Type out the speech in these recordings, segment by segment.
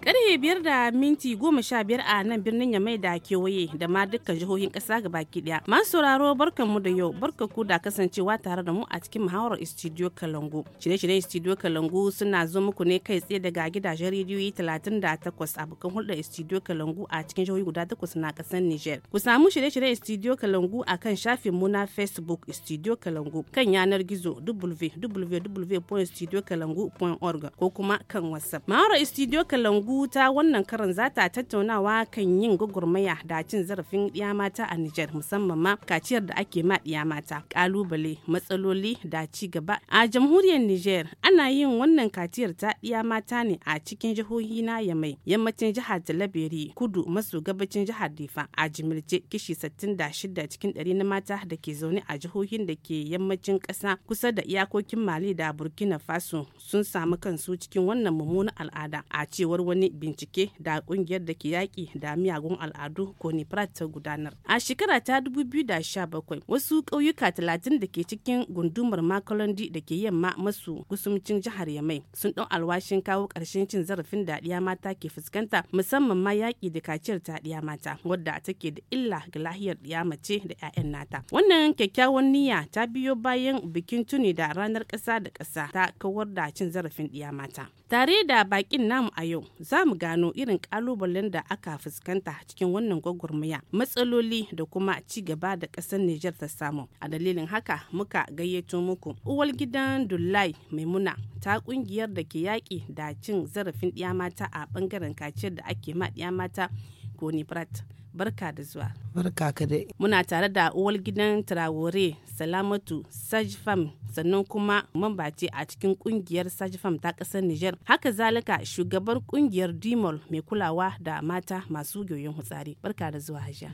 Karfe biyar da minti goma sha biyar a nan birnin Yamai da kewaye da ma dukkan jihohin ƙasa ga baki ɗaya. Masu sauraro barkan mu da yau barka ku da kasancewa tare da mu a cikin muhawarar Studio Kalangu. Shirye-shiryen Studio Kalangu suna zo muku ne kai tsaye daga gidajen rediyoyi talatin da takwas abokan hulɗar Studio Kalangu a cikin jihohi guda takwas na ƙasar Niger. Ku samu shirye-shiryen Studio Kalangu a kan shafin mu na Facebook Studio Kalangu kan yanar gizo www.studiokalangu.org ko kuma kan WhatsApp. Muhawarar Studio Kalangu Kalangu wannan karin zata tattaunawa kan yin gugurmaya da cin zarafin ɗiya mata a Nijar musamman ma kaciyar da ake ma ɗiya mata kalubale matsaloli da ci gaba. A jamhuriyar Nijar ana yin wannan kaciyar ta ɗiya mata ne a cikin jihohi na Yamai yammacin jihar Talabiri kudu maso gabacin jihar Difa a jimilce kishi 66 cikin ɗari na mata da ke zaune a jihohin da ke yammacin ƙasa kusa da iyakokin Mali da Burkina Faso sun samu kansu cikin wannan mummunan al'ada a cewar wani wani bincike da kungiyar da ke yaƙi da miyagun al'adu ni ta gudanar a shekara ta dubu biyu da sha bakwai wasu ƙauyuka talatin da ke cikin gundumar makalondi da ke yamma masu kusumcin jihar yamai sun ɗau alwashin kawo ƙarshen cin zarafin da ɗiya mata ke fuskanta musamman ma yaƙi da kaciyar ta ɗiya mata wadda take da illa ga lahiyar ɗiya mace da 'ya'yan nata wannan kyakkyawan niyya ta biyo bayan bikin tuni da ranar ƙasa da ƙasa ta kawar da cin zarafin ɗiya mata tare da baƙin namu a yau za mu gano irin kalubalen da aka fuskanta cikin wannan gwagwarmaya matsaloli da kuma ci gaba da ƙasar Nijar ta samu. A dalilin haka muka gayyato muku uwal gidan Dullai Maimuna ta kungiyar da ke yaƙi da cin zarafin ɗiya mata a ɓangaren kaciyar da ake ma ɗiya mata Konifrat. barka da zuwa. Barka ka dai. Muna tare da uwar gidan Traore Salamatu Sajfam sannan kuma mamba a cikin kungiyar Sajfam ta ƙasar Nijar. Haka zalika shugabar kungiyar Dimol mai kulawa da mata masu goyon hutsari. Barka da zuwa Hajiya.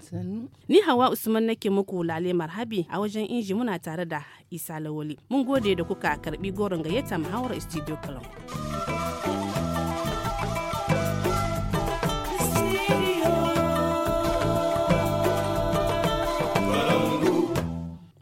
Ni Hawa Usman nake muku lale marhabi a wajen inji muna tare da Isa Lawoli. Mun gode da kuka karbi goron gayyata muhawar Studio Column.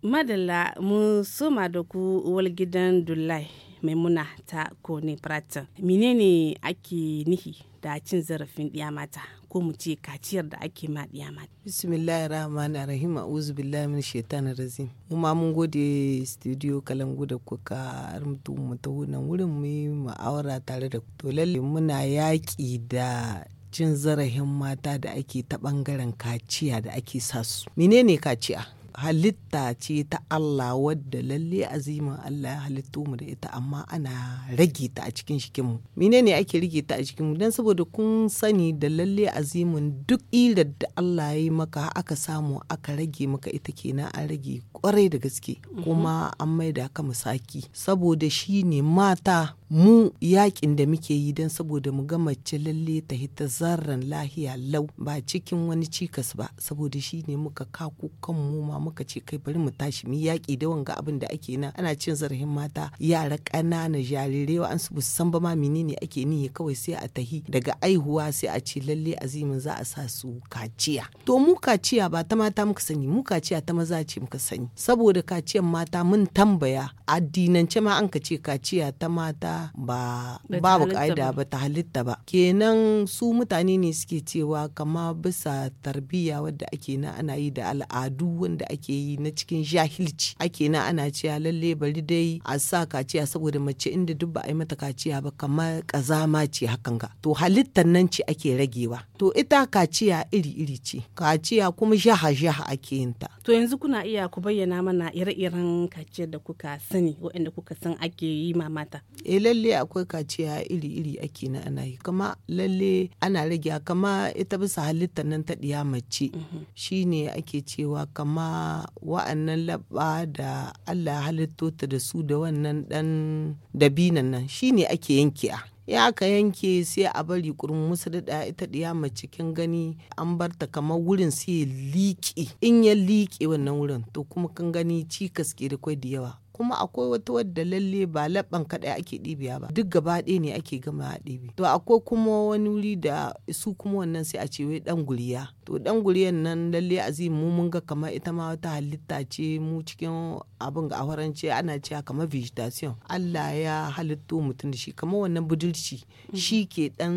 madalla mun soma da ku walgidan dullai muna ta kone pratin menene ake nihi da cin zarafin ɗiya mata ko mu ce kaciyar da ake ma ɗiya mata bismillahi rahman rahim a'udhu billahi min shetan razim mu ma mun gode studio kalangu da kuka rumtu mu ta wannan wurin mu yi ma'aura tare da to lalle muna yaƙi da cin zarafin mata da ake ta bangaren kaciya da ake sasu menene kaciya halitta ce ta Allah wadda lalle azimin Allah ya halitto mu da ita amma ana rage ta a cikin shikinmu. Mine ne ake rage ta a cikinmu don saboda kun sani da lalle azimin duk irar da Allah ya yi maka aka samu aka rage maka ita kenan a rage kwarai da gaske mhm. kuma an maida ka musaki saboda shi ne mata mu yakin da muke yi don saboda mu ga mace lalle ta hita zarran lahiya lau ba cikin wani cikas ba saboda shi ne muka kaku kan mu ma muka ce kai bari mu tashi mu yaki da wanga abin da ake nan ana cin zarafin mata yara ƙanana jarirai an su san ba ma menene ake ya kawai sai a tahi daga aihuwa sai a ce lalle azimin za a sa su kaciya to mu kaciya ba ta mata muka sani mu kaciya ta maza ce muka sani saboda kaciyan mata mun tambaya addinance ma an ka ce kaciya ta mata ba ba babu ka'ida ba ta halitta ba kenan su mutane ne suke cewa kama bisa tarbiyya wadda ake na ana yi da al'adu wanda ake yi na cikin jahilci ake na ana cewa lalle bari dai a sa kaciya saboda mace inda duk ba a yi mata kaciya ba kamar kazama ce hakan ga to halittar nan ce ake ragewa to ita kaciya iri-iri ce kaciya kuma jaha-jaha ake yin ta to yanzu kuna iya ku bayyana mana ire-iren kaciyar da kuka sani waɗanda kuka san ake yi ma mata. Eh, lalle akwai kaciya iri-iri ake na ana yi kama lalle ana rage kama ita bisa halitta nan ta ɗiya mace mhm. shine ake cewa kama wa'annan laɓa da Allah halitto ta da su da wannan dan dabinan nan shine ake yanke a ya aka yanke sai a bari kurin musu da ita ɗiya mace kin gani an bar ta kamar wurin sai ya liƙe in ya liƙe wannan wurin to kuma kin gani cikas ke da kwai da yawa kuma akwai wata wadda lalle ba labban kaɗai ake ɗibiya ba duk gaba ɗaya ne ake gama a ɗibi to akwai kuma wani wuri da su kuma wannan sai a ce wai ɗan guriya to dan guriyan nan lalle azim mu mun ga kamar ita ma wata halitta ce mu cikin abin ga awarance ana cewa kamar vegetation Allah ya halitto mutum da shi kamar wannan budurci mm-hmm. shi ke dan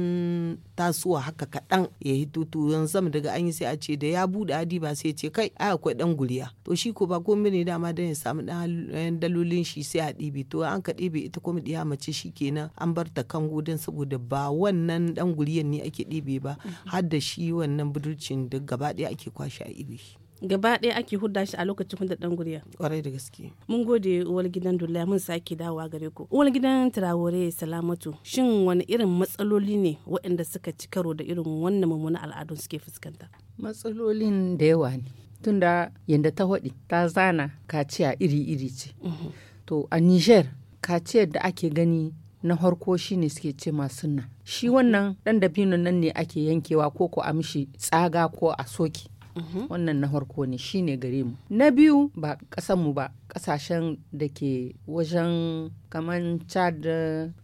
tasowa haka kaɗan ya hito to yanzu daga an yi sai a ce da ya buɗe adi ba sai ce kai ai akwai dan guriya to shi ko ba komai ne dama dan ya samu dan dalolin shi sai a ɗibi to an ka dibe ita kuma diya mace shi kenan an bar ta kan gudun saboda ba wannan dan guriyan ne ake dibe ba mm-hmm. har da shi wannan budurcin gabaɗaya duk gaba ɗaya ake kwashe a ibe shi gaba ɗaya ake hudda shi a lokacin hudda ɗan guriya. Ƙwarai da gaske. Mun gode uwar gidan Dullaya mun sake dawowa gare ku. Uwar gidan Traore Salamatu shin wani irin matsaloli ne waɗanda suka ci karo da irin wannan mummuna al'adun suke fuskanta? Matsalolin da yawa ne. Tunda yadda ta haɗi ta zana kaciya iri-iri ce. Mhm. To a Niger kaciyar da ake gani na harko shine suke ce masu nan. shi wannan dan dabino nan ne ake yankewa ko ko a mishi tsaga ko a soki mhm. wannan na farko ne shi ne gare mu na biyu ba kasan mu ba ƙasashen da ke wajen kaman chad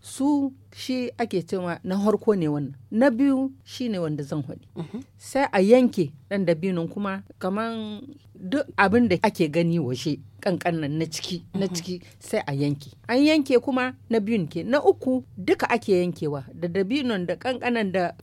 su shi ake cewa na harko ne wannan na biyu shi ne wanda zan haɗi mhm. sai a yanke ɗan dabino kuma kaman. duk abin da ake gani waje kankanan na ciki na mhm. ciki sai a yanke an yanke kuma na biyun ke na uku duka ake yankewa da dabinon da kankanan da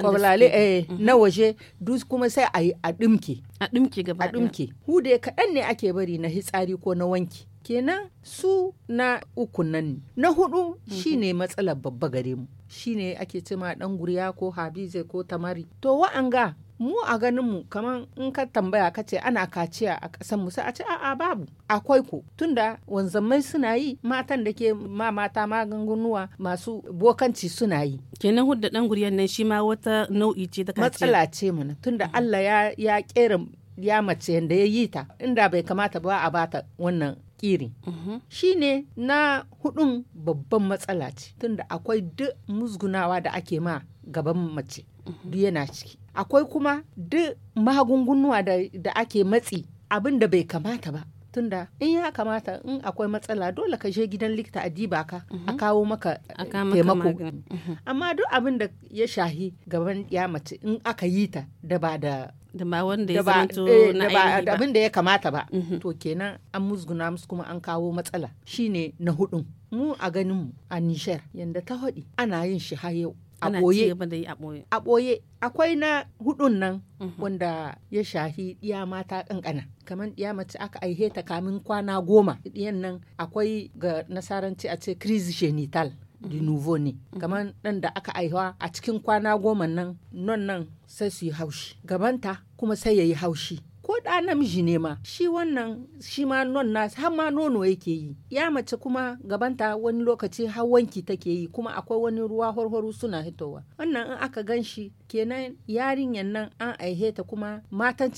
kwalale eh, mhm. na waje duk kuma sai a a dimke a dimke gaba a dimke hude kaɗan ne ake bari na hitsari ko na wanki kenan su na uku nan na hudu mhm. shine matsalar babba gare mu shine ake cema dan guriya ko habize ko tamari to wa'anga mu a ganin mu kamar in ka tambaya ka ce ana kaciya a ƙasar mu sai a ce a'a babu akwai ko tunda wanzamai suna yi matan da ke ma mata magungunuwa masu bokanci suna yi kenan hudda dan guryan nan shi ma wata nau'i ce ta kaciya matsala ce mana tunda mm-hmm. Allah ya ya kera ya mace yanda ya yi ta inda bai kamata ba a bata wannan kiri mm-hmm. shi ne na hudun babban matsala ce tunda akwai duk musgunawa da ake ma gaban mace duk yana ciki akwai kuma duk magungunuwa da, ake matsi abin da bai kamata ba tunda in ya kamata in akwai matsala dole ka je gidan likita a diba ka a mhm. eh, kawo maka taimako mhm. amma duk abin da ya shahi gaban ya mace in aka yi ta da ba da da ba wanda ya zanto eh, na ba abin da ya kamata ba mhm. to kenan an musguna musu kuma an kawo matsala shine na hudun mu a ganin mu a nishar yanda ta hudi ana yin shi har yau a ɓoye akwai na hudun nan mhm. wanda ya shahi ɗiya mata kankana kamar ɗiya mace aka aihe ta kamin kwana goma Yan nan akwai ga nasaranci a ce crise genital di mhm. nouveau ne mhm. kamar ɗan da aka aihuwa a cikin kwana goma nan non nan sai su yi haushi gabanta kuma sai ya yi haushi ko da namiji ne ma shi wannan shi ma non na har ma nono yake yi ya mace kuma gabanta wani lokaci har wanki take yi kuma akwai wani ruwa horhoro suna hitowa wannan in aka gan shi kenan yarinyan nan an aihe ta kuma ta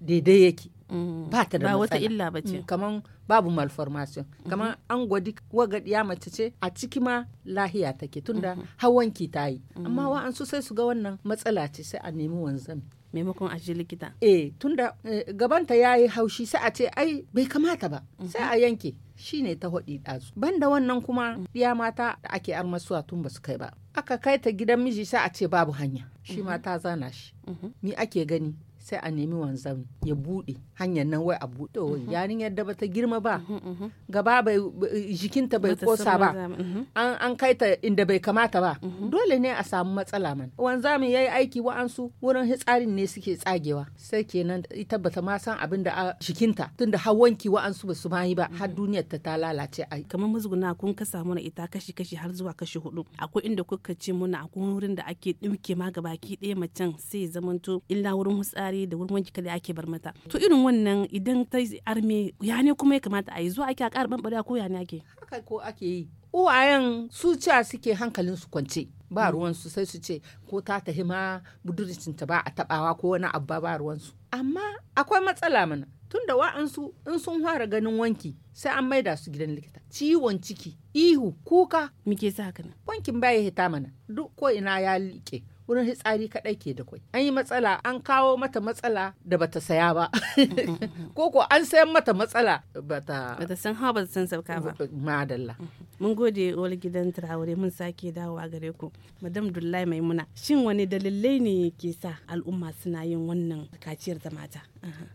daidai yake mm. ba ta da wata illa ba ce mm, kaman babu malformation mm-hmm. kaman an gwadi wagad ya mace ce a ciki ma lahiya take tunda mm-hmm. hawanki ta yi mm-hmm. amma an sai su ga wannan matsala ce sai a nemi wanzami maimakon a likita eh tunda eh, gabanta ya yi haushi sai a ce ai bai kamata ba mhm. sai a yanke shi ne ta hudi ɗazu banda wannan kuma ɗiya mm. mata da ake armasuwa tun ba su kai ba aka kai ta gidan miji sai a ce babu hanya shi mata mhm. ta zana shi ni mhm. ake gani sai a nemi wanzan ya buɗe hanyar nan wai a buɗe mm-hmm. yadda da bata girma ba mm-hmm, mm-hmm. gaba bai jikinta bai kosa ba an kai ta inda bai kamata ba dole ne a samu matsala man wanzamin yayi aiki wa'ansu wurin hitsarin ne suke tsagewa sai kenan ita bata ma san abin da a jikinta tunda har wanki wa'ansu ba su ma yi ba har duniyar ta ta lalace ai kamar musguna kun kasa mana ita kashi kashi har zuwa kashi hudu akwai inda kuka ce muna akwai wurin da ake ɗauke ma gabaki ɗaya macen sai zamanto illa wurin hitsari wari da wurin wanki kada ake bar mata to irin wannan idan ta arme ya ne kuma ya kamata a yi zuwa ake a ƙara ɓanɓarewa ko ya ne ake haka ko ake yi uwayen su cewa suke hankalin su kwance ba mm. ruwansu sai su ce ko ta tahi ma budurcinta ba a tabawa ko wani abba ba ruwansu amma akwai matsala mana tun da wa'ansu in sun fara ganin wanki sai an maida su gidan likita ciwon ciki ihu kuka muke sa haka wankin baya hita mana duk ko ina ya liƙe wurin hitsari kaɗai ke da kwai an yi matsala an kawo mata matsala da bata saya ba ko ko an sayan mata matsala bata bata san hawa bata san sauka ba madalla mm-hmm. mun gode wani gidan turawure mun sake dawowa gare ku madam dullahi maimuna shin wani dalilai ne ke sa al'umma suna yin wannan kaciyar da mata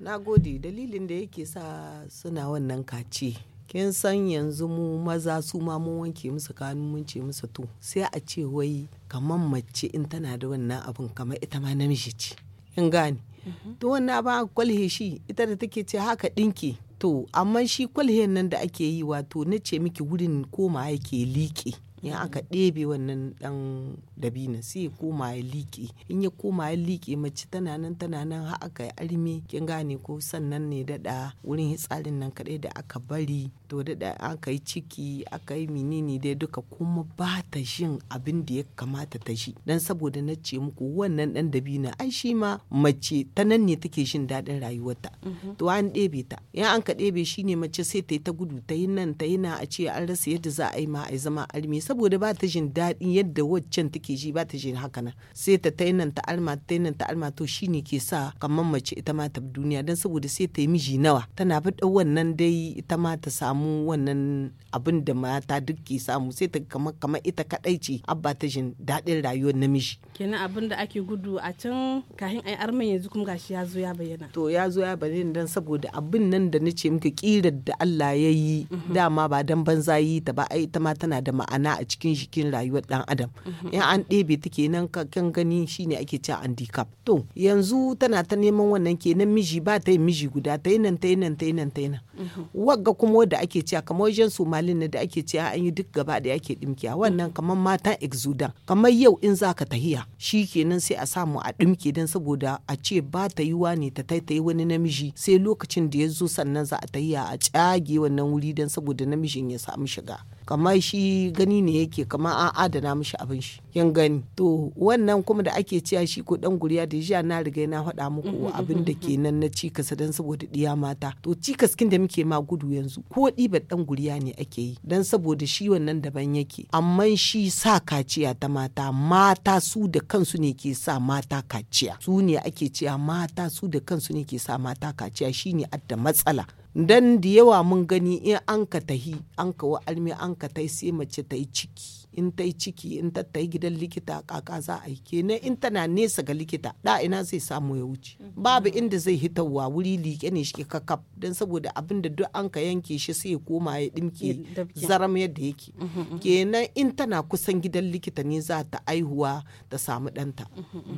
na gode dalilin da yake sa suna wannan kaci kin san yanzu mu maza su ma mun wanke musu kanu mun ce musu to sai a ce wai kamar mace in tana da wannan abin kamar ita ma namiji ce in gane mhm. to wannan ba kwalhe shi ita da take ce haka dinki to amma shi kwalhen nan da ake yi wato na ce miki wurin koma yake liƙe in aka ɗebe wannan ɗan dabinin sai ya koma ya liƙe in ya koma ya liƙe mace tana nan tana nan har aka yi arme kin gane ko sannan ne daɗa wurin hitsarin nan kaɗai da aka bari to daɗa aka yi ciki aka yi menene dai duka kuma ba ta shin abin da ya kamata ta shi dan saboda na ce muku wannan ɗan dabinin ai shi ma mace ta nan ne take shin daɗin rayuwarta mm-hmm. to an ɗebe ta in an ka ɗebe shi ne mace sai ta yi ta gudu ta yi nan ta yi na a ce an rasa yadda za a yi ma a zama arme saboda ba ta jin daɗi yadda waccan take ji ba ta jin haka nan sai ta tainan ta alma tainan ta alma to shine ke sa kamar mace ita ma ta duniya dan saboda sai ta yi miji nawa tana faɗa wannan dai ita ma ta samu wannan abin da mata duk ke samu sai ta kamar kamar ita kaɗai ce abba ta jin daɗin rayuwar namiji kenan abin da ake gudu a can kahin ai arman yanzu kuma gashi ya zo ya bayyana to ya zo ya bayyana dan saboda abin nan da nace miki kirar da Allah ya yi mhm. dama ba dan banza yi ta ba ai ita ma tana da ma'ana a cikin jikin rayuwar dan adam mhm. in an ɗebe ta kenan kan gani shine ake cewa handicap to yanzu tana ta neman wannan kenan miji ba ta yi miji guda ta yi nan ta yi nan ta yi nan ta yi nan mhm. wagga kuma wadda ake cewa kamar wajen somalin na da ake cewa an yi duk gaba da yake dimkiya wannan kamar matan exudan kamar yau in za ka tahiya shi kenan sai a samu a dimke dan saboda a ce ba ta wa ne ta taitayi wani namiji sai lokacin da ya zo sannan za a tahiya a tsage wannan wuri dan saboda namijin ya samu shiga kamar shi gani ne yake kamar an adana mishi abin shi yan gani to wannan kuma da ake cewa shi ko dan guriya da jiya na riga na faɗa muku mm-hmm, abin da mm-hmm, ke nan na mm-hmm. cikasa dan saboda diya mata to cikas kin da muke ma gudu yanzu ko ɗibar dan guriya ne ake yi dan saboda shi wannan daban yake amma shi sa kaciya ta mata mata su da kansu ne ke sa mata kaciya su ne ake cewa mata su da kansu ne ke sa mata kaciya shine adda matsala dan da yawa mun gani in an ka tahi an ka wa almi an ka tai sai mace ta yi ciki in ta yi ciki in ta ta gidan likita kaka za a yi kenan in tana nesa ga likita da ina zai samu ya wuce babu inda zai wa wuri liƙe ne shi kakaf don saboda abin da duk an ka yanke shi sai ya koma ya dimke zaram yadda yake mhm, mhm, mhm. kenan in tana kusan gidan likita ne za ta aihuwa ta samu ɗanta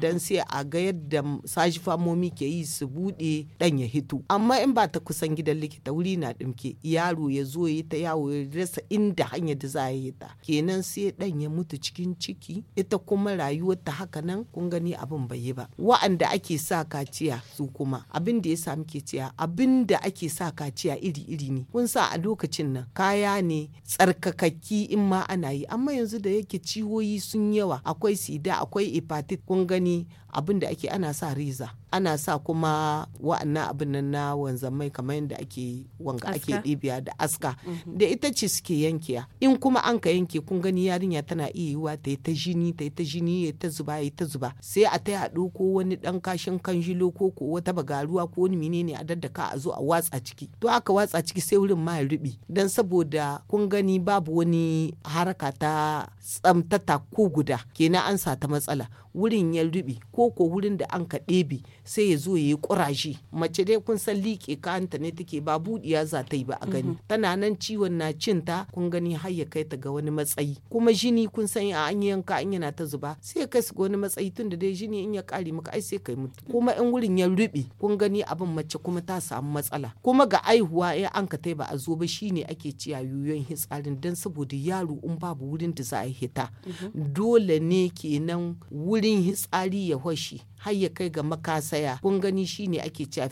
don sai a ga yadda sashi famomi ke yi su buɗe ɗan ya hito amma in ba ta kusan gidan likita wuri na dimke yaro ya zo ya ta yawo ya rasa inda hanyar da za a yi ta kenan sai sai ɗan ya mutu cikin ciki ita kuma rayuwarta haka nan kun gani abin bai yi ba wa'anda ake sa kaciya su kuma abin da ya sa muke cewa abin da ake sa kaciya iri-iri ne kun sa a lokacin nan kaya ne tsarkakakki in ma ana yi amma yanzu da yake ciwoyi sun yawa akwai sida akwai hepatitis kun gani abin da ake ana sa riza ana sa kuma wa'annan abin nan na wanzamai kamar yadda ake wanga ake ɗibiya da aska mhm. da ita ce suke yankiya in kuma an ka yanke kun gani yarinya tana iya yiwa ta yi ta jini ta yi ta jini ya ta zuba ya ta zuba sai a ta haɗu ko wani ɗan kashin kanjilo ko ko wata bagaruwa ko wani menene a daddaka a zo a watsa ciki to aka watsa ciki sai wurin ma ya ruɓe dan saboda kun gani babu wani haraka ta tsamtata ko guda kenan an sa ta matsala wurin ya rubi koko wurin da an ka ɗebe sai ya zo ya yi ƙuraje mace dai kun san liƙe kanta ne take ba buɗiya za ta yi ba a gani mhm. tana nan ciwon na cinta kun gani har ya kai ta ga wani matsayi kuma jini kun san a an yanka an yana ta zuba sai ya kai su ga wani matsayi tun da dai jini in ya ƙare maka ai sai kai mutu kuma in wurin ya ruɓe kun gani abin mace kuma ta samu matsala kuma ga aihuwa in an ka ba a zo ba shine ake ciya yoyon hitsarin dan saboda yaro in babu wurin da za a hita mhm. dole ne kenan wurin hitsari ya horší. har ya kai ga makasaya kun gani shine ake cewa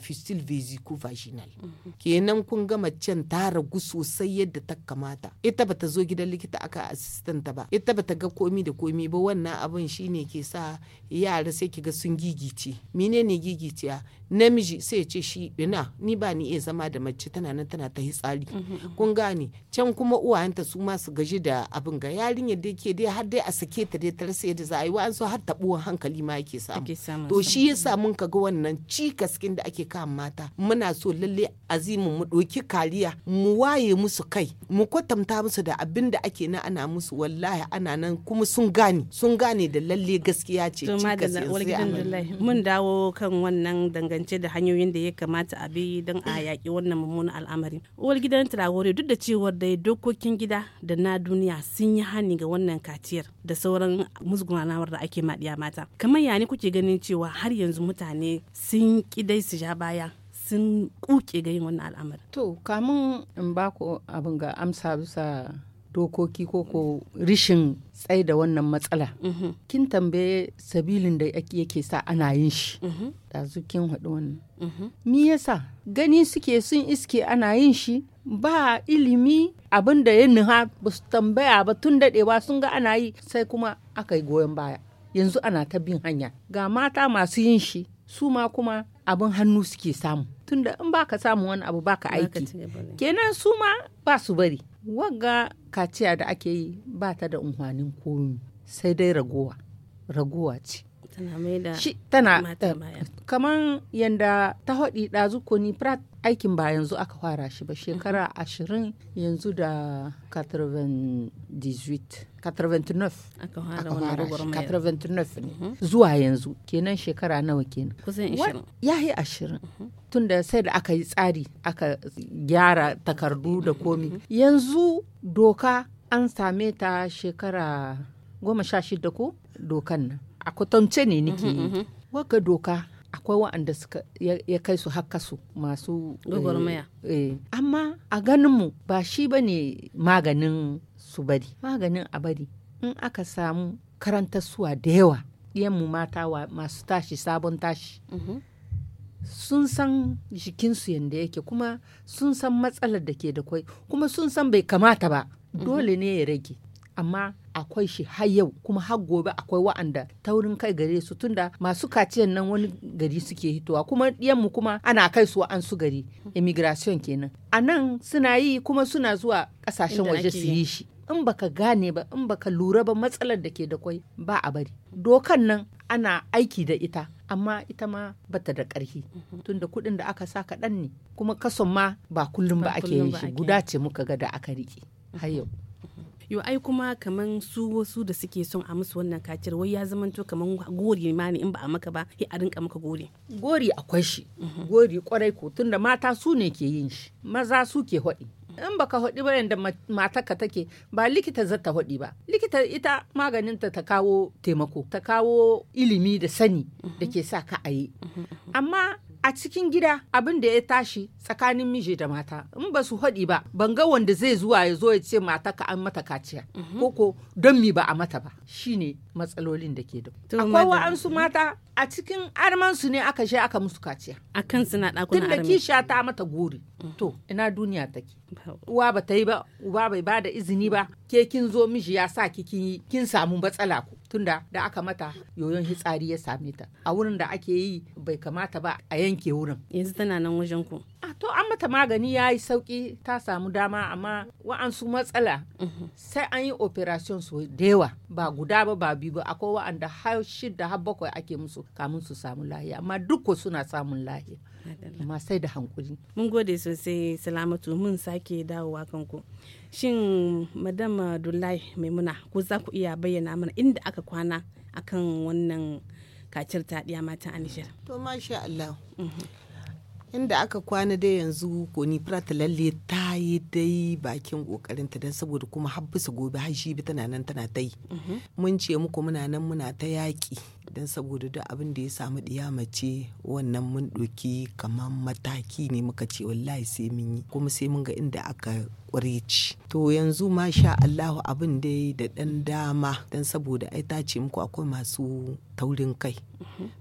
vaginal kenan kun ga macen ta ragu sosai yadda ta kamata ita bata zo gidan likita aka assistant ba ita bata ga komi da komi ba wannan abin shine ke sa yara sai ki ga sun gigice menene gigiciya namiji sai ce shi ina ni ba ni iya zama da mace tana nan tana ta hitsari kun gane can kuma uwayenta su ma su gaji da abin ga yarinyar da ke dai har dai a sake ta dai ta rasa yadda za a yi wa'ansu har taɓuwan hankali ma yake samu to shi yasa mun ka ga wannan cikaskin da ake kan mata muna so lalle azimin mu doki kariya mu waye musu kai mu kwatanta musu da abin da ake na ana musu wallahi ana nan kuma sun gane sun gane da lalle gaskiya ce mun dawo kan wannan dangance da hanyoyin da ya kamata a bi don a yaƙi wannan mummunan al'amari uwar gidan turawore duk da cewar da dokokin gida da na duniya sun yi hani ga wannan kaciyar da sauran musgunawar da ake maɗiya mata kamar ya kuke ganin cewa har yanzu mutane sun dai su sha baya sun kuke ga yin wannan al'amari. To, kamun in ba ku abin ga amsa bisa dokoki ko ko rishin tsai da wannan matsala. Mhm. Kin tambaye sabilin da yake sa ana yin shi. Mhm. Da kin haɗu wannan. Mi mhm. yasa gani suke sun iske ana yin shi ba ilimi abin da ya niha ba su tambaya ba tun daɗewa sun ga ana yi sai kuma aka yi goyon baya. yanzu ana ta bin hanya ga mata masu yin shi su ma kuma abin hannu suke samu tunda in baka samu wani abu baka aiki kenan su ma ba su bari wagga kaciya da ake yi ba ta da unhwanin komi sai dai ragowa ragowa ce tana eh, kamar yadda ta haɗi da koni prat aikin ba yanzu aka fara shi ba shekara mhm. ashirin yanzu da 98 89 aka mhm. zuwa yanzu kenan shekara nawa kenan kusan ya yi ashirin mhm. tun da sai da aka yi tsari aka gyara takardu da komi mhm. yanzu doka an same ta shekara goma sha shida ko dokan nan a kwatance ne nake yi waka doka akwai waɗanda suka ya kai su hakasu masu gwagwarmaya eh, eh. amma a ganinmu ba shi ba ne maganin su bari maganin a bari in aka samu suwa da yawa mu mata masu tashi sabon tashi mhm. sun san jikinsu yadda yake kuma sun san matsalar da ke da kwai kuma sun san bai kamata ba mhm. dole ne ya rage amma akwai shi har yau kuma har gobe akwai wa'anda taurin kai gare su tunda masu kaciyan nan wani gari suke hitowa kuma mu kuma ana kai su an su gari mhm. immigration kenan a nan suna yi kuma suna zuwa kasashen waje su yi shi in baka gane ba in baka lura ba matsalar da ke da kwai ba a bari dokan nan ana aiki da ita amma ita ma bata da ƙarfi mhm. tunda kuɗin da aka sa kaɗan ne kuma kason ma ba kullum ba ake yin shi guda ce muka ga da aka riƙe mhm. har yau mhm. ai kuma kaman su wasu da suke son a musu wannan kacir wai ya to kaman gori ma ne in ba a maka ba ya a rinka maka gori gori akwai shi gori kwarai ko tunda mata su ne ke yin shi maza su ke haɗi in baka hudi ba yanda matarka take ba likita za ta hudi ba likita ita maganinta ta kawo taimako ta kawo ilimi da sani da ke sa ka a yi mhm, mhm, mhm. amma a cikin gida abin da ya tashi tsakanin miji da mata in ba su haɗi ba ban ga wanda zai zuwa ya zo ya ce mata ka an mata kaciya mhm. Ko don mi ba a mata ba shine matsalolin da ke da akwai wa'ansu mata a cikin armansu ne aka shi aka musu kaciya a kan suna ɗakunan armi da kisha ta mata gori mhm. to ina duniya take uwa ba ta yi ba uba bai ba da izini ba ke kin zo miji ya sa kikin yi kin samu matsala ku tunda da aka mata yoyon hitsari ya same ta a wurin da ake yi bai kamata ba a yanke wurin yanzu tana nan wajen ku to an mata magani ya yi sauki ta samu dama amma wa'ansu matsala mhm. sai an yi operation su da ba guda ba ba biyu ba akwai wa'anda har shida har bakwai ake musu kamun su samu lahiya amma duk suna samun lahiya amma sai da hankuri mun gode sosai salamatu mun sake dawowa kanku shin madama dulai maimuna ko za ku iya bayyana mana inda aka kwana akan wannan kacir ta ɗiya mata a to masha allah mhm. inda aka kwana dai yanzu koni prata lalle ta yi dai bakin kokarinta don saboda kuma habbisa gobe har bi tana nan tana ta yi mhm. mun ce muku muna nan muna ta yaƙi don saboda duk abin da ya samu mace wannan mun ɗoki kamar mataki ne muka ce wallahi sai mun yi kuma sai mun ga inda aka ci. to yanzu ma sha Allahu abin dai da ɗan dama don saboda ai ta ce muku akwai masu taurin kai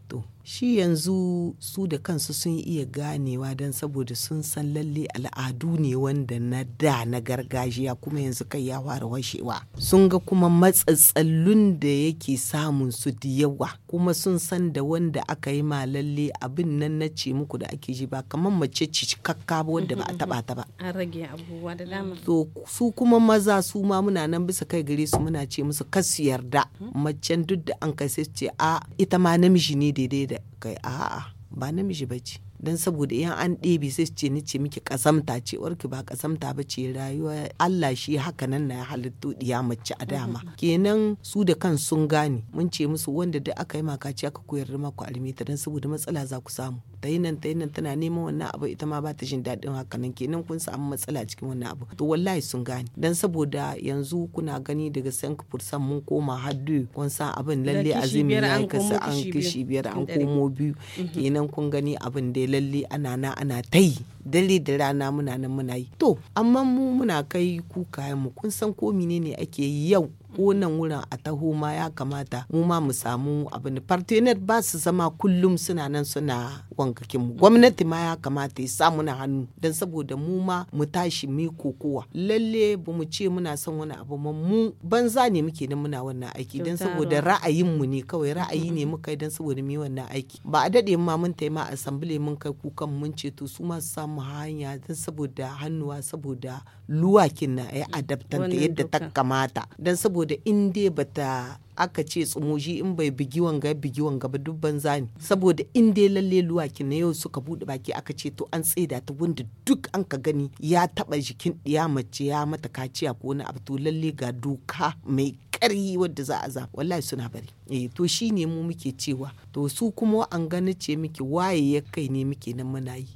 to shi yanzu su da kansu sun iya ganewa don saboda sun san lalle al'adu ne wanda na da na gargajiya kuma yanzu kai ya fara washewa sun ga kuma matsatsallun da yake samun su da yawa kuma sun san da wanda aka yi ma lalle abin nan na ce muku da ake ji ba kamar mace cikakka ba wanda ba a taba ta ba an rage abubuwa da dama to su kuma maza su ma muna nan bisa kai gare su muna ce musu kas yarda mm-hmm. macen duk da an kai sai ce a ita ma namiji ne daidai da kai a'a ba namiji ba ce don saboda yan an ɗebe sai ce ni ce miki kasamta ce warki ba kasamta ba ce rayuwa Allah shi haka nan na ya halittu ya mace a dama mm-hmm. kenan su da kan sun gane mun ce musu wanda da aka yi ci aka koyar da maku alimita don saboda matsala za ku samu ta yi nan ta yi nan tana neman wannan abu ita ma ba ta jin daɗin haka nan kenan kun samu matsala cikin wannan abu to wallahi sun gane dan saboda yanzu kuna gani daga san fursan mun koma haddu kun san abin lalle azumi ya kasa an kishi biyar an komo biyu mhm. kenan kun gani abin da lalle ana na ana ta yi dare da rana muna nan muna yi to amma mu muna kai kuka mu kun san ko menene ake yi yau ko wurin a taho ma ya kamata mu ma mu samu abin partenaire ba su zama kullum suna nan suna wankakin mu gwamnati ma ya kamata ya samu na hannu don saboda mu ma mu tashi mu kokowa lalle ba mu ce muna son wani abu ma mu banza ne muke nan muna wannan aiki don saboda ra'ayin mu ne kawai ra'ayi ne muka don saboda mu wannan aiki ba a dade ma mun taima assembly mun kai kukan mun ce to su ma su samu hanya don saboda hannuwa saboda luwakin na ya adaptanta yadda ta kamata don saboda saboda in dai bata aka ce tsumoji in bai bigi wanga bigi wanga ba duk banza ne saboda in dai lalle luwaki na yau suka bude baki aka ce to an tsaida ta wanda duk an ka gani ya taba jikin ya mace ya mata kaciya ko wani abu to lalle ga doka mai ƙarhi wadda za a za wallahi suna bari eh to shine ne mu muke cewa to su kuma an gani ce muke waye ya kai ne muke nan muna yi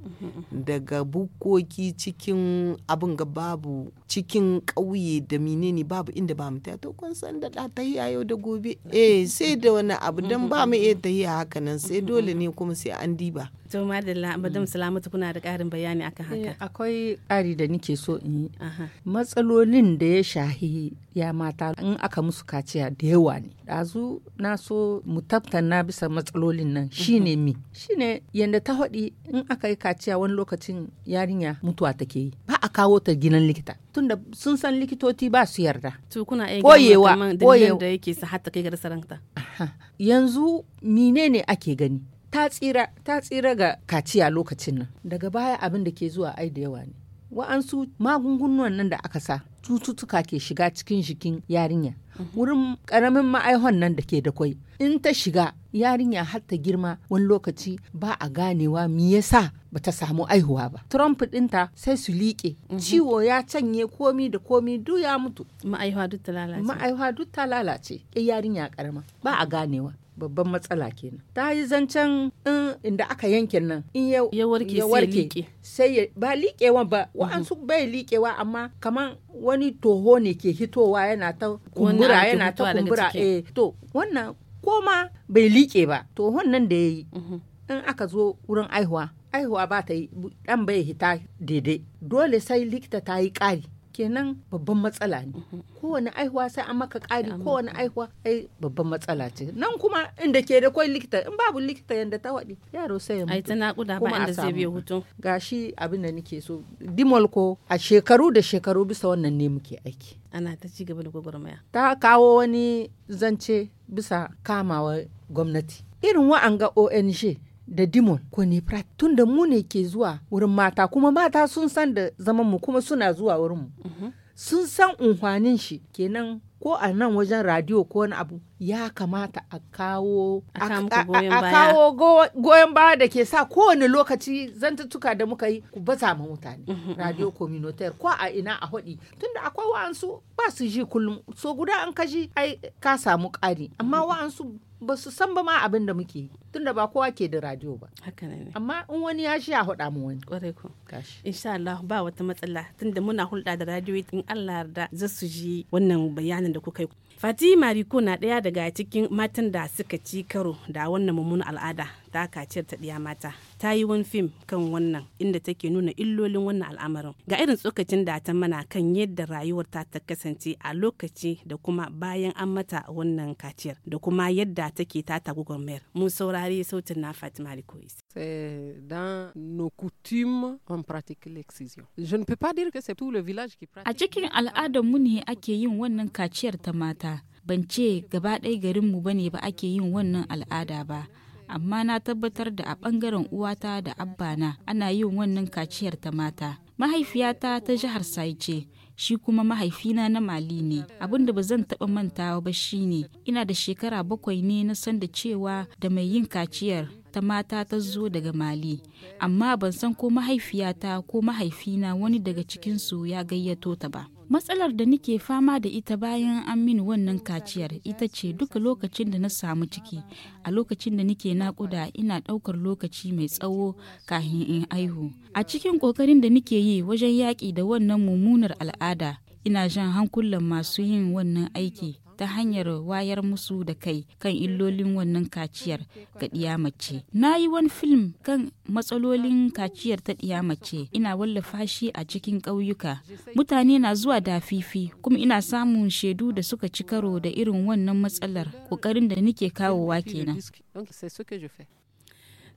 daga bukoki cikin abin ga babu cikin ƙauye da menene babu inda ba mu to kun san da ta yau da gobe eh sai da wani abu don ba mu iya tahiya haka nan sai dole ne kuma sai an diba to madalla mm. madam salamatu kuna da karin bayani akan haka eh, akwai ƙari da nike so in yi matsalolin da ya shahi ya mata in aka musu kaciya da yawa ne ɗazu na so mu tattauna bisa matsalolin nan mhm. shine mi shine yadda ta haɗi in aka yi kaciya wani lokacin yarinya mutuwa take yi ba a kawo ta gidan likita tunda sun san likitoci ba su yarda to kuna iya koyewa da yake sa hatta kai ga rasa yanzu menene ake gani ta tsira ta tsira ga kaciya lokacin nan daga baya abin da ke zuwa ai da yawa ne wa'ansu magungunan nan da aka sa cututtuka ke shiga cikin jikin yarinya mhm. wurin karamin ma'aihon nan da ke da kwai in ta shiga yarinya har ta girma wani lokaci ba a ganewa me yasa ba ta samu aihuwa ba trump dinta sai su liƙe mhm. ciwo ya canye komi da komi duk ya mutu ma'aihuwa duk ta lalace ma'aihuwa duk ta lalace yarinya karama ba a ganewa babban matsala kenan ta yi zancen in inda aka yankin nan in ya warke sai ba liƙewa ba wa'ansu mhm. bai liƙewa amma kaman wani toho ne ke hitowa yana ta kumbura yana ta kumbura eh to wannan koma bai liƙe ba tohon nan da ya yi mhm. in aka zo wurin aihuwa aihuwa ba ta yi dan bai hita daidai dole sai likita ta yi ƙari kenan babban matsala ne kowane aihuwa sai an maka ƙari kowane aihuwa ai babban matsala ce nan kuma inda ke da kwai likita in babu likita yanda ta waɗi yaro sai ya mutu ai kuda ba inda zai biya hutu gashi abin da nake so dimol ko a shekaru da shekaru bisa wannan ne muke aiki ana ta ci gaba da gwagwarmaya ta kawo wani zance bisa kamawa gwamnati irin wa'anga ONG da dimon ko tunda tun da mu ne ke zuwa wurin mata kuma mata sun san da zaman mu kuma suna zuwa wurin mu mhm. sun san unhwanin shi kenan ko a nan wajen radio ko wani abu ya kamata a kawo a kawo goyon baya da ke sa kowane lokaci zantuttuka da muka yi ku baza ma mutane mhm. radio communautaire ko a ina a hodi tunda akwai wa'ansu ba su ji kullum so guda an ka ji ai ka samu ƙari amma mm. wa'ansu ba su san ba ma abin da muke yi tunda ba kowa ke da radio ba haka ne amma in wani ya shi a hada mu wani kwarai insha Allah ba wata matsala tunda muna hulɗa da radio in Allah yarda za su ji wannan bayanin da kuka yi Fatima Riko na ɗaya daga cikin matan da suka ci karo da wannan mummunan al'ada ta kaciyar ta ɗiya mata. Ta yi wani fim kan wannan inda take nuna illolin wannan al'amarin. Ga irin tsokacin da ta mana kan yadda rayuwar ta ta kasance a lokaci da kuma bayan an mata wannan kaciyar da kuma yadda take ta ta gwagwarmayar. Mun saurari sautin na Fatima Riko. A cikin al'adar mu ne ake yin wannan kaciyar ta mata. ban ce gaba ɗaya garinmu ba ne ba ake yin wannan al'ada ba amma na tabbatar da a ɓangaren uwata da abba na, ana yin wannan kaciyar ta mata mahaifiyata ta jihar saice ce shi kuma mahaifina na mali ne abin da ba zan taɓa mantawa ba shine ina da shekara bakwai ne na san da cewa da mai yin kaciyar ta mata ta zo daga mali amma ban san ko mahaifiyata ko mahaifina wani daga cikinsu ya gayyato ta ba matsalar da nike fama da ita bayan an mini wannan kaciyar ita ce duka lokacin da na samu ciki a lokacin da nike nakuda ina daukar lokaci mai tsawo kahin in aihu a cikin kokarin da nike yi wajen yaƙi da wannan mummunar al'ada ina jan hankulan masu yin wannan aiki ta hanyar wayar musu da kai kan illolin wannan kaciyar ga ɗiya mace. Na yi wani film kan matsalolin kaciyar ta ɗiya mace ina wallafa shi a cikin ƙauyuka. Mutane na zuwa da fifi kuma ina samun shaidu da suka ci karo da irin wannan matsalar ƙoƙarin da nake kawowa kenan.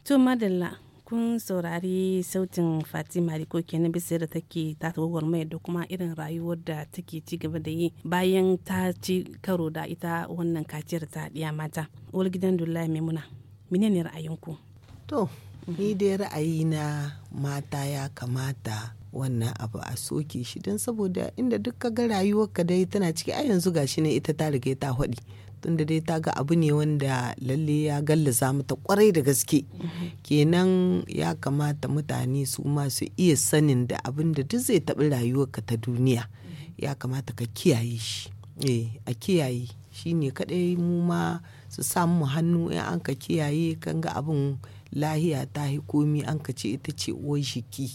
To madalla kun saurari sautin fatima riko kenan bisa da take ta mai da kuma irin rayuwar da take ci gaba da yi bayan ta ci karo da ita wannan kaciyar ta ɗiya mata uwar gidan dullahi maimuna menene ra'ayinku to ni dai ra'ayi na mata ya kamata wannan abu a soke shi don saboda inda duk ka ga ka dai tana ciki a yanzu gashi ne ita ta riga ta haɗi tunda dai ta ga abu ne wanda lalle ya gallaza mata kwarai da gaske kenan ya kamata mutane su ma su iya sanin da abin da duk zai taɓi rayuwarka ta duniya ya kamata ka kiyaye shi eh, a kiyaye shi ne kaɗai mu ma su samu hannu in an ka kiyaye kan ga abin lahiya ta yi komi an ka ce ita ce uwar shiki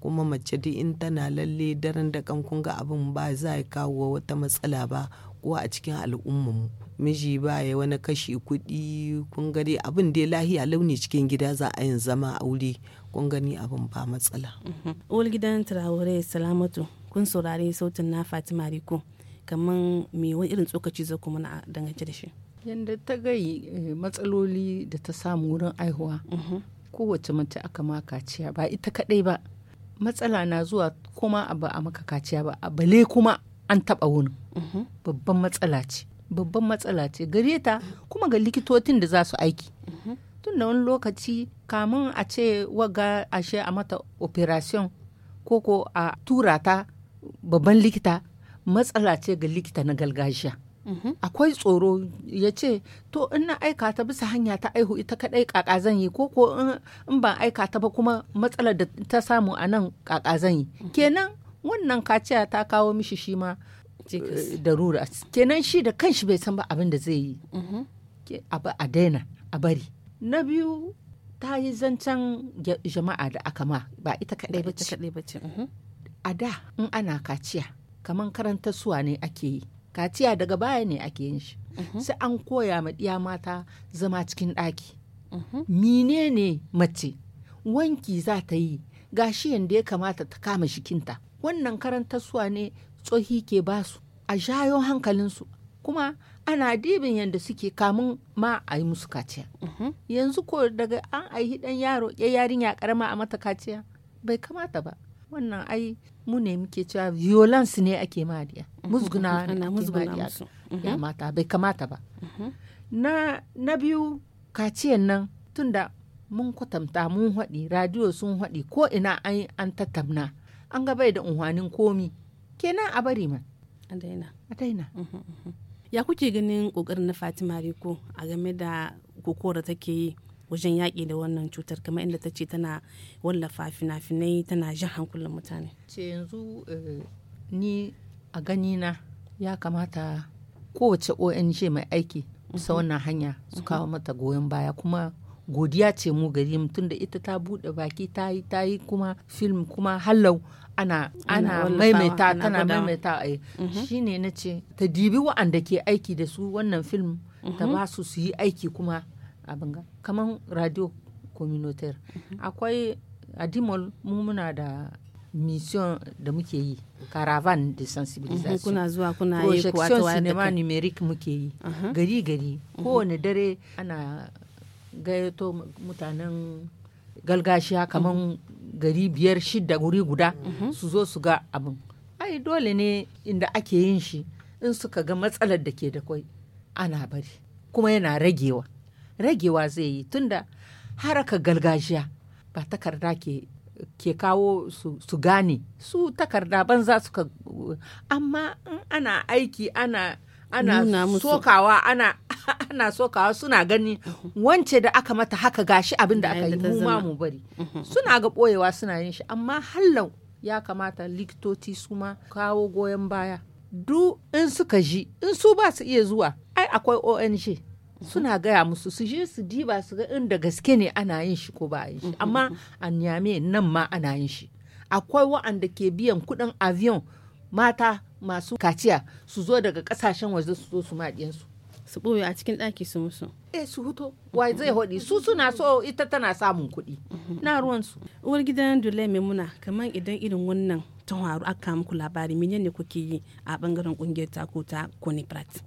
kuma mace duk in tana lalle daren da kan kun ga abin ba za ya kawo wata matsala ba ko a cikin mu. miji ba ya wani kashi kuɗi kun gani abin dai lahiya launi cikin gida za a yin zama aure kun gani abin ba matsala. Mm-hmm. Uwar gidan Traore Salamatu kun saurari sautin na Fatima Riko kamar me wani irin tsokaci za kuma na dangance da shi. Yanda ta gai eh, matsaloli da ta samu wurin aihuwa mm-hmm. kowace mace aka ma kaciya ba ita kaɗai ba matsala na zuwa kuma a ba a maka kaciya ba a bale kuma an taɓa wuni mm-hmm. babban matsala ce babban matsala ce gare ta kuma ga likitocin da za su aiki tun da wani lokaci kamun a ce waga ashe a mata operation ko ko a tura ta babban likita matsala ce ga likita na gargajiya akwai tsoro ya ce to ina na aika ta bisa hanya ta aihu ita kadai kaka zan yi ko ko in ban aika ta ba kuma matsalar da ta samu a nan kaka zan yi kenan wannan kaciya ta kawo mishi shi ma Eh, rura kenan shi da kanshi bai san ba abin da zai yi mm-hmm. a daina a bari na biyu ta yi zancen jama'a da aka ma ba ita kaɗai ba ce mm-hmm. a da in ana kaciya kamar karanta suwa ne ake yi kaciya daga baya ne ake yin shi mm-hmm. sai an koya ma ɗiya mata zama cikin ɗaki mine ne mace wanki za ta yi gashi yadda ya kamata ta kama shikinta wannan karantarsuwa ne tsohi ke ba su a jayo hankalinsu kuma ana dibin yadda suke kamun ma a yi musu kaciya mm-hmm. yanzu ko daga an aihi dan yaro ya yarinya karama a mata kaciya bai kamata ba wannan ai mu ne muke cewa violence ne ake madiya mm-hmm. musguna ne ake mm-hmm. ya mata bai kamata ba na biyu kaciyan nan tunda mun kwatanta mun haɗi radio sun haɗi ko ina an tattamna an ga bai da unhwanin komi kenan a bari ma a daina mhm, mhm. ya kuke ganin kokarin na Fatima Riko a game da kokora take yi wajen yaƙi da wannan cutar kamar inda ta ce tana wallafa fina-finai tana jan hankulan mutane ce yanzu eh, ni a ganina ya kamata kowace ong mai aiki bisa mhm. wannan hanya su kawo mata goyon baya kuma godiya ce mu gari tun da ita ta buɗe baki ta yi ta yi kuma film kuma hallau ana ana maimaita tana maimaita ai mhm. shine na ce ta dibi wa'anda ke aiki da su wannan film ta mhm. ba su su yi aiki kuma a banga kamar radio communautaire mhm. akwai adimol mu muna da mission da muke yi caravan de sensibilisation kuna zuwa kuna yi projection cinema numérique muke yi gari gari kowane dare ana gayyato mutanen galgashiya kamar gari biyar shidda guri guda mhm. su zo su ga abin ai dole ne inda ake yin shi in suka ga matsalar da ke da kwai ana bari kuma yana ragewa ragewa zai yi tunda haraka galgajiya ba takarda ke kawo su, gane su takarda banza suka amma ana aiki ana ana sokawa ana ana sokawa suna gani wance da aka mata haka gashi abin da aka yi mu ma mu bari mhm. suna ga boyewa suna yin shi amma hallau ya kamata likitoci su ma kawo goyon baya du in suka ji in su ba su iya zuwa ai akwai ONG mhm. suna gaya musu su je su diba su ga inda gaske ne ana yin shi ko ba yin shi mhm. amma a nan ma ana yin shi akwai wa'anda ke biyan kuɗin avion mata masu kaciya su zo daga kasashen waje su zo su maɗiyansu su ɓoye a cikin ɗaki su musu. Eh su huto, wai zai haɗi su suna so ita tana samun kuɗi. Na ruwansu. Uwar gidan Dule Maimuna kamar idan irin wannan ta haru aka muku labari menene kuke yi a bangaren ƙungiyar ko ta Coniprat.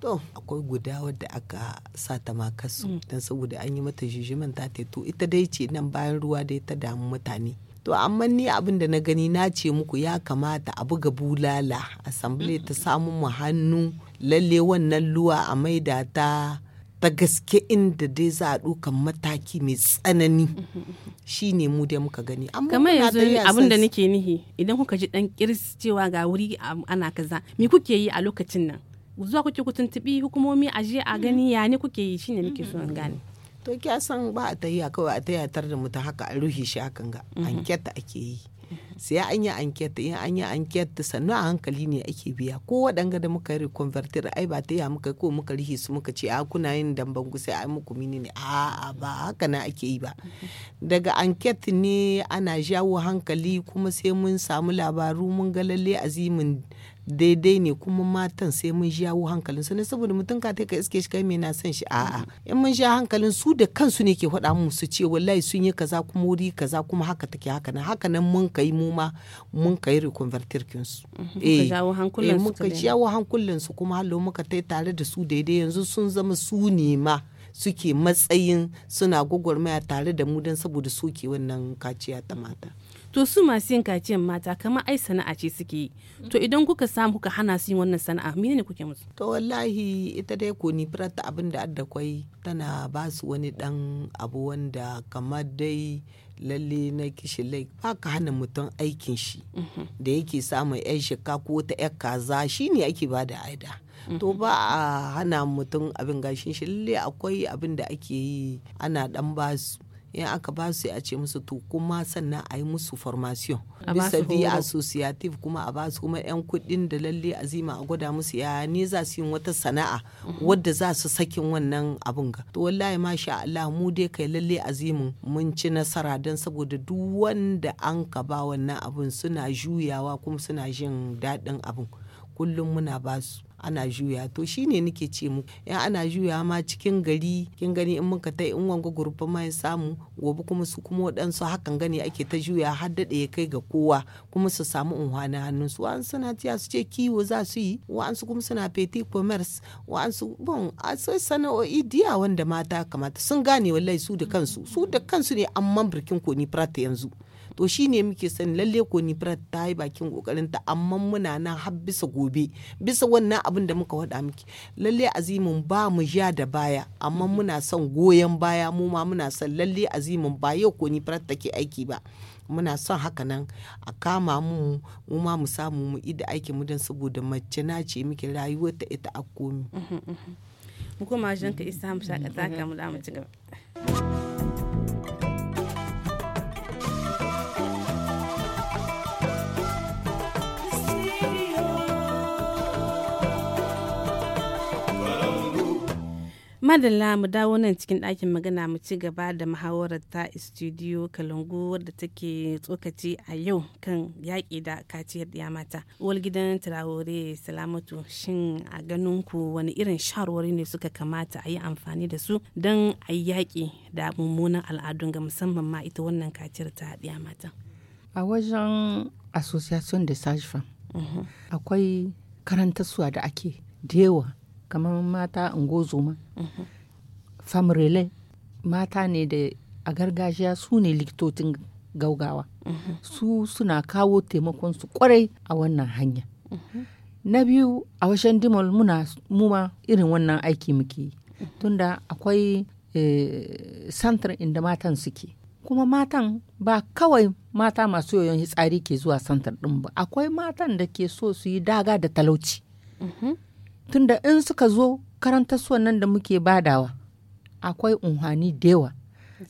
To akwai guda wadda aka sa ta makasu mm. don saboda an yi mata jijiman ta to ita dai ce nan bayan ruwa dai ta damu mutane. to amma ni abin da na gani na ce muku ya kamata a buga bulala assembly ta samu mu hannu lalle wannan luwa a maida ta ta gaske inda dai za a mataki mai tsanani shi ne mu dai muka gani kamar yanzu abin da nake nihi idan kuka ji dan kiris cewa ga wuri ana kaza me kuke yi a lokacin nan zuwa kuke ku hukumomi a je a gani ya ne kuke yi shine nake so in gane to kya san ba a tahiya kawai a tayi tar da mutum haka a ruhi shi hakan ga mm-hmm. anketa ake yi mm-hmm. sai an yi anketa in an yi anketa sannu a hankali ne ake biya ko waɗanga da muka yi convertir ai ba tahiya muka ko muka rihi su muka ce a kuna yin damban sai a muku mini ne a ba haka na ake yi ba mm-hmm. daga anketa ne ana jawo hankali kuma sai mun samu labaru mun ga lalle azimin daidai ne kuma matan sai mun jawo hankalin su ne saboda mutum ka ka iske shi kai me na son shi a'a in mun ja hankalin su da kansu ne ke faɗa mu su ce wallahi sun yi kaza kuma wuri kaza kuma haka take haka nan haka nan mun kai mu ma mun kai reconvertir kin su mhm. eh, eh muka jawo hankulan su kuma hallo muka tai tare da su daidai yanzu sun zama su ne ma suke matsayin suna gwagwarmaya tare da mu don saboda soke wannan kaciya ta mata. to su masu yin kaciyan mata kamar ai sana'a ce suke yi to idan kuka samu kuka hana su yin wannan sana'a mene ne kuke musu to wallahi ita dai ko ni firata abin da adda kwai tana ba su wani dan abu wanda kama dai lalle na kishi lai ba ka hana mutum aikin shi mhm. da yake samun yan shika ko ta yan kaza shi ne ake ba da aida to mhm. ba a hana mutum abin gashin shi lalle akwai abin da ake yi ana dan ba su in aka ba su a ce musu to kuma sannan a yi musu formation bisa bi associative kuma a ba su kuma yan kuɗin da lalle azima a gwada musu ya ne za su yi wata sana'a mhm. wadda za su sakin wannan abun ga to wallahi masha Allah mu dai kai lalle azimin mun ci nasara don saboda duk wanda an ka ba wannan abun suna juyawa kuma suna jin daɗin abun kullum muna ba su ana juya to shine nake ce mu ya ana juya ma cikin gari kin gani in muka ta in wanga gurbin ma ya samu gobe kuma su kuma waɗansu hakan gani ake ta juya har daɗe ya kai ga kowa kuma su samu unhwanin hannun su wa'an suna tiya su ce kiwo za su yi wa'ansu kuma suna petit commerce wa'ansu bon a sana'o'i diya wanda mata kamata sun gane wallahi su da kansu su da kansu ne amma birkin koni prata yanzu to shi ne muke sani lalle ko ni ta yi bakin kokarin ta amma muna nan har bisa gobe bisa wannan abin da muka wada miki lalle azimin ba mu ja da baya amma mhm. muna son goyon baya mu ma muna son lalle azimin ba yau ko ni ta ke aiki ba muna son haka nan a kama mu mu ma mu samu mu ida aikin mu don saboda mace na ce miki rayuwar ta ita a mhm, mhm. mu kuma jinka isa mu mu da mu ci gaba madalla mu dawo nan cikin ɗakin magana mu ci gaba da muhawarar ta studio kalungu wadda take tsokaci a yau kan yaƙi da kaciyar ya mata uwar gidan turawore salamatu shin a ganin ku wani irin shawarwari ne suka kamata a yi amfani da su don a yi yaƙi da mummunan al'adun ga musamman ma ita wannan kaciyar ta ya mata a wajen association de sage akwai karanta suwa da ake da yawa kamar mata ungozoma mhm. famrele mata ne da a gargajiya su ne likitocin gaugawa mhm. su suna kawo taimakon su kwarai a wannan hanya mhm. na biyu a washen dimol muna muma irin wannan aiki muke yi tunda akwai santar eh, inda matan suke kuma matan ba kawai mata masu yoyon hitsari ke zuwa santar ɗin ba akwai matan da ke so su yi daga da talauci tunda in suka zo karantarsuwan nan da muke badawa akwai unhani dewa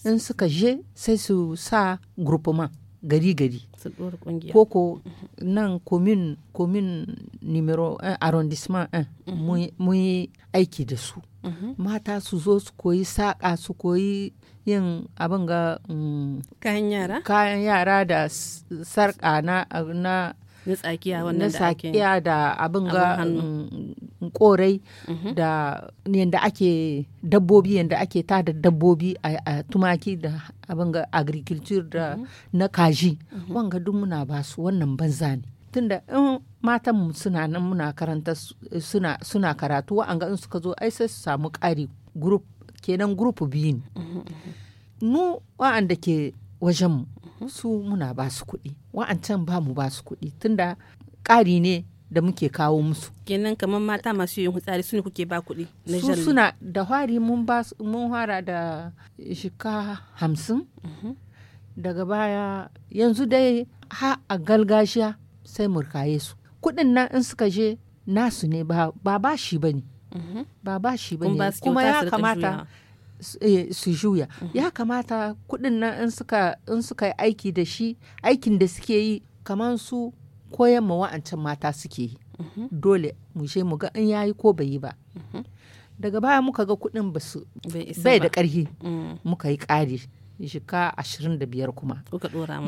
in suka je sai su sa groupement gari-gari koko nan komin komin numero eh, arrondissement eh, mhm. mun yi aiki da su mm -hmm. mata su zo su koyi saƙa su koyi yin abin ga mm, kayan yara kayan yara da sarƙa na na tsakiya da abin ga korai mhm. da yadda ake dabbobi yadda ake tada dabbobi a tumaki da abin ga agriculture da mhm. na kaji mhm. wanga duk muna ba su wannan banza ne tunda in matan suna nan muna karanta suna karatu wa'anga in suka zo ai sai su samu ƙari group kenan group biyu ne nu wa'anda ke wajen su muna ba su kuɗi wa'ancan ba mu ba su kuɗi tunda ƙari ne da muke kawo musu kenan kamar mata masu yin hutsari su ne kuke ba kuɗi na su suna da hwari mun ba mun hwara da shika hamsin mhm. daga baya yanzu dai ha a galgashiya sai murkaye su kuɗin nan in suka je nasu ne ba ba shi ba ne mhm. ba ba shi ba ne kuma ya kamata eh, su juya mhm. ya kamata kuɗin nan in suka yi aiki da shi aikin da suke yi kamar su koyan ma wa'ancan mata suke yi mhm. dole mu je mu ga in yayi ko bai yi ba mhm. daga baya muka ga kuɗin ba su bai da ƙarfi mm. muka yi ƙari shika ashirin da biyar kuma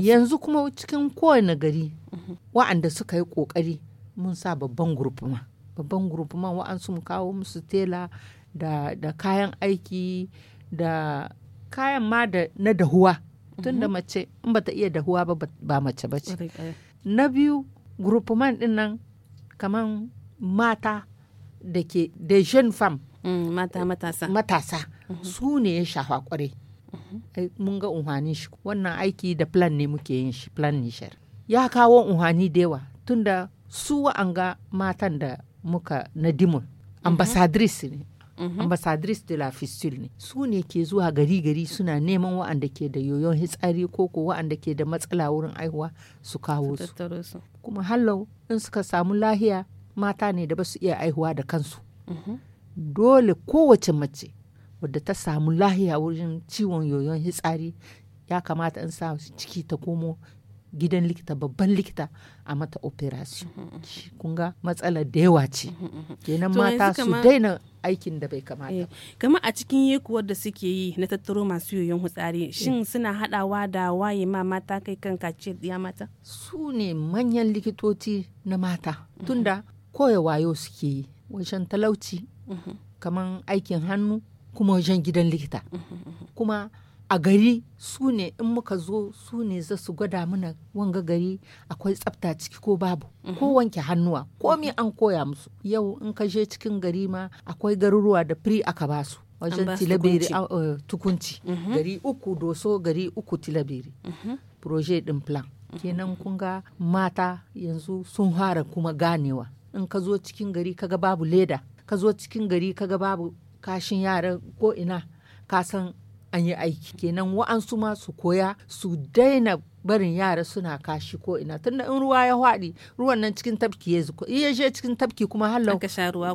yanzu kuma cikin kowane gari mhm. wa'anda suka yi ƙoƙari mun sa babban gurfuma babban gurfuma wa'ansu mu kawo musu tela da, kayan aiki da kayan ma da na dahuwa tun da mace in bata iya dahuwa ba mace bace na biyu groupement din nan kamar mata da ke da jeune femme mm, matasa matasa mhm. su ne ya shafa kwarai mhm. eh, mun ga unhani shi wannan aiki da plan ne muke yin shi plan nishar ya kawo unhani da yawa tunda su an ga matan da muka na dimun mhm. ambassadrice. ne Mhm. ambasadris de la fistule ne su ne ke zuwa gari gari suna neman wa'anda ke da yoyon hitsari ko ko wa'anda ke da matsala wurin aihuwa su kawo su kuma hallau in suka samu lahiya mata ne da ba su iya aihuwa da kansu mhm. dole kowace mace wadda ta samu lahiya wurin ciwon yoyon hitsari ya kamata in sa ciki ta komo gidan likita babban likita a mata operation mm-hmm, mm-hmm. kunga matsala matsalar da yawa ce mm-hmm, kenan mata su daina aikin da bai kamata ba eh, kama a cikin yekuwar da suke yi na tattaro masu yoyon hutsari eh. shin suna hadawa da waye ma mata kai kan kace ya mata su ne manyan likitoci na mata tunda koya wayo suke yi wajen talauci kaman aikin hannu kuma wajen gidan likita kuma a gari su ne in muka zo su ne za su gwada mana wanga gari akwai tsafta ciki ko babu mm -hmm. ko wanke hannuwa komi an koya musu yau in ka je cikin gari ma akwai garuruwa da firi aka basu wajen tilabiri tukunci mm -hmm. gari uku doso gari uku tilabiri mm -hmm. projet din plan mhm. kenan kun ga mata yanzu sun fara kuma ganewa in ka zo cikin gari kaga babu leda ka zo cikin gari kaga babu kashin yara ko ina ka san an yi aiki kenan wa'ansu ma su koya su daina barin yara suna kashi ko ina tunda in ruwa ya haɗi ruwan nan cikin tafki ya zuko iya je cikin tafki kuma hallau ka sha ruwa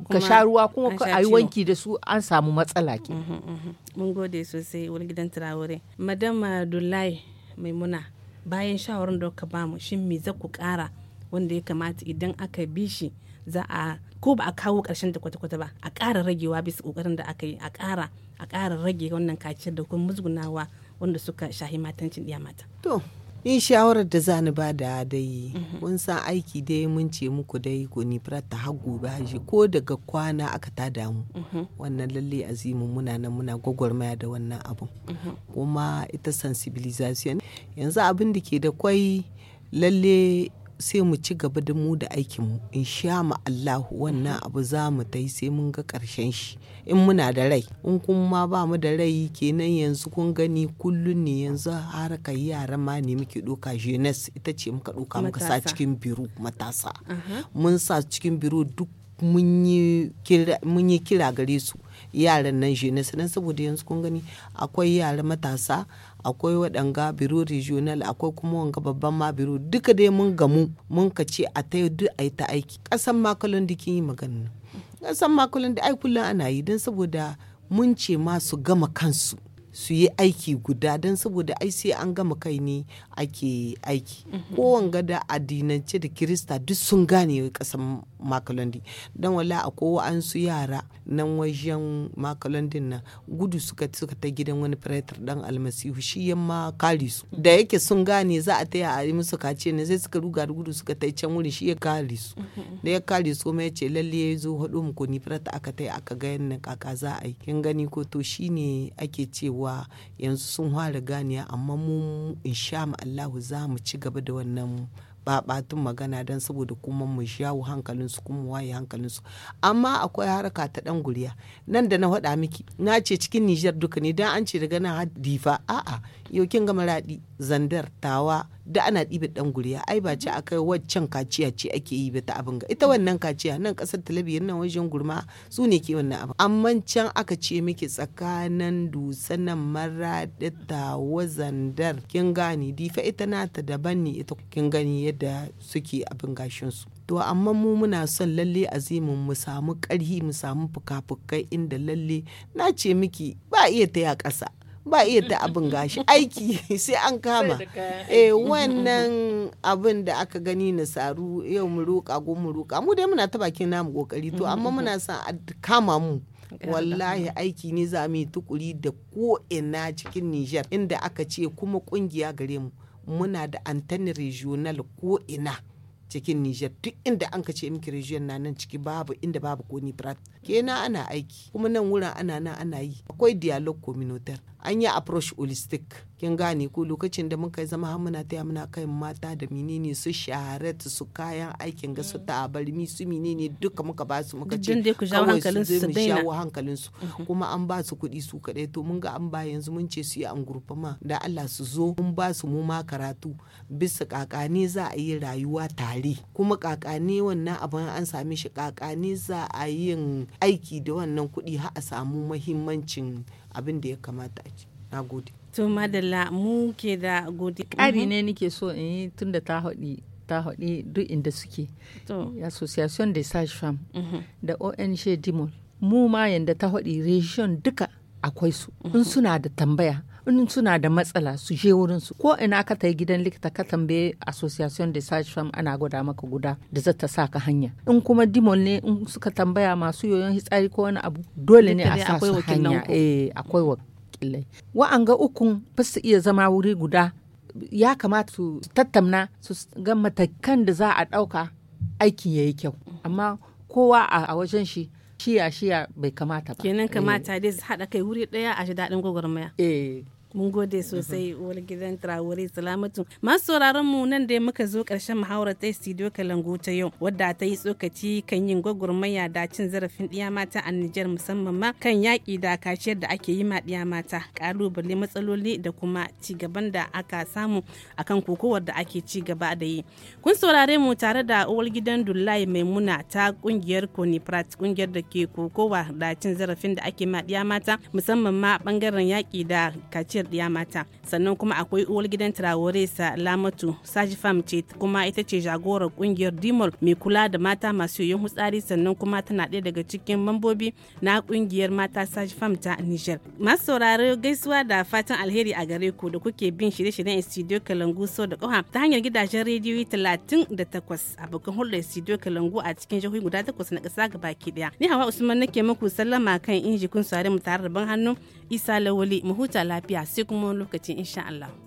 kuma ka sha a yi wanki da su an samu matsala ke uhm, uhm, uhm. mun gode sosai wani gidan turawure madam dulai Maimuna bayan shawarar da ka bamu shin me za ku kara wanda ya kamata idan aka bi shi za a ko ba a kawo ƙarshen da kwata-kwata ba a ƙara ragewa bisa ƙoƙarin da aka yi a ƙara a ƙara rage wannan kaciyar da kuma musgunawa wanda suka shahi matancin ɗiya mata. To, ni shawarar da zani ba da dai mun san aiki dai mun ce muku dai goni ta hagu ba shi ko daga kwana aka ta damu wannan lalle azimu muna nan muna gwagwarmaya da wannan abun kuma ita sensibilization yanzu abin da ke da kwai lalle sai mu ci gaba da mu da aikinmu in sha ma Allahu wannan mhm. abu za mu ta yi sai mun ga ƙarshen shi in muna da rai in kuma ba mu da rai kenan yanzu kun gani kullun ne yanzu har yi yara ma ne muke ɗoka jeunesse ita ce muka ɗoka muka sa cikin biro matasa uh-huh. mun sa cikin biro duk mun yi kira gare su yaran nan jeunesse nan saboda yanzu kun gani akwai yara matasa akwai waɗanga biro regional akwai kuma wanga babban ma biro duka dai mun gamu mun ka ce a ta yi a ta aiki ƙasan makulun da kin yi magana ƙasan makulun da aikulun ana yi don saboda mun ce ma su gama kansu su yi aiki guda don saboda ai sai an gama kai ne ake aiki mhm. kowanne da addinance da kirista duk sun gane ƙasan makalondi don wala a kowa an su yara nan wajen makalondin na gudu suka suka ta gidan wani pretor dan almasihu shi yamma kari su da yake sun gane za a taya a yi musu kace ne sai suka ruga gudu suka ta can wurin shi ya kari su da ya kari su kuma ya ce lalle ya zo hudu mu kuni pretor aka taya aka ga yannan kaka za a yi kin gani ko to shine ake cewa yanzu sun fara ganiya amma mu insha allahu za mu ci gaba da wannan babatun magana don saboda kuma mu jawo hankalinsu kuma mu waye hankalinsu amma akwai haraka ta dan guriya nan da na faɗa miki na ce cikin Nijar duka ne dan an ce daga nan har difa a'a yaukin ga maradi zandar tawa da ana ɗibe dan guriya ai ba ce akai waccan kaciya ce ake yi ba ta abin ga ita wannan kaciya nan kasar talabijin nan wajen gurma su ne ke wannan abin amma can aka ce miki tsakanin dutsenan maradi tawa zandar kin gani difa ita nata daban ne ita kin gani yadda suke abin gashinsu to amma mu muna son lalle azimin mu samu ƙarhi mu samu fuka-fukai inda lalle na ce miki ba iya ta ya ƙasa ba iya ta abin gashi aiki sai an kama eh wannan abin da aka gani na saru yau mu roƙa go mu roƙa mu dai muna ta bakin namu kokari to amma muna son a kama mu wallahi aiki ne za mu yi tukuri da ko ina cikin nijar. inda aka ce kuma kungiya gare mu muna da antenna regional ko ina cikin Nijar duk inda an ka ce miki region na nan ciki babu inda babu ko brat kenan ana aiki kuma nan wurin ana nan ana yi akwai dialogue communautaire an yi approach holistic kin gane ko lokacin da muka zama har muna taya muna kai mata da menene su shaharatu su kayan aikin ga su mm. tabarmi su menene duka muka ba su muka ce kawai su zai mu hankalin su mm-hmm. kuma an ba su kuɗi su kaɗai to mun ga an ba yanzu mun ce su yi an ma da Allah su zo mun ba su mu ma karatu bisa kakane za a yi rayuwa tare kuma kakane wannan abin an same shi kakane za a yin aiki da wannan kuɗi har a samu muhimmancin abin da ya kamata a ci na gode to madalla mu ke da gode ƙari ne mhm. nake so in yi tun da ta haɗi duk inda suke association de sage Farm. Mhm. da ong dimol mu ma yanda ta haɗi region duka akwai su in mhm. suna da tambaya in suna da matsala su je wurin su ko ina ka tai gidan likita ka tambaye association de sage femme ana gwada maka guda da zata ta sa ka hanya in kuma dimol ne in suka tambaya masu yoyon hitsari ko wani abu dole ne a sa su hanya eh akwai wakilai wa'anga ukun ba su iya zama wuri guda ya kamata su tattamna su ga matakan da za a ɗauka aikin yayi kyau amma kowa a wajen shi shiya shiya bai kamata ba kenan eh. kamata dai su haɗa kai wuri daya a shi daɗin gwagwarmaya eh mun gode sosai wani gidan traore salamatu masu sauraron mu nan da muka zo ƙarshen muhawarar ta studio kalangu ta yau wadda ta yi tsokaci kan yin gwagwarmaya da cin zarafin ɗiya mata a Nijar musamman ma kan yaƙi da kaciyar da ake yi ma ɗiya mata ƙalubale matsaloli da kuma ci gaban da aka samu akan kokowar da ake ci gaba da yi kun saurare mu tare da uwar gidan dullahi maimuna ta kungiyar coniprat kungiyar da ke kokowa da cin zarafin da ake ma ɗiya mata musamman ma bangaren yaƙi da kaciyar diya mata sannan kuma akwai uwar gidan traore sa lamatu saji fam ce kuma ita ce jagorar kungiyar dimol mai kula da mata masu yoyon hutsari sannan kuma tana ɗaya daga cikin mambobi na kungiyar mata saji fam ta niger masu sauraro gaisuwa da fatan alheri a gare ku da kuke bin shirye-shiryen studio kalangu so da ƙafa ta hanyar gidajen rediyo talatin da takwas abokan hulɗar studio kalangu a cikin jihohi guda takwas na ƙasa gaba baki ɗaya ni hawa usman nake muku sallama kan inji kun sare mu tare da ban hannu isa lawali mu huta lafiya sai kuma lokacin insha Allah.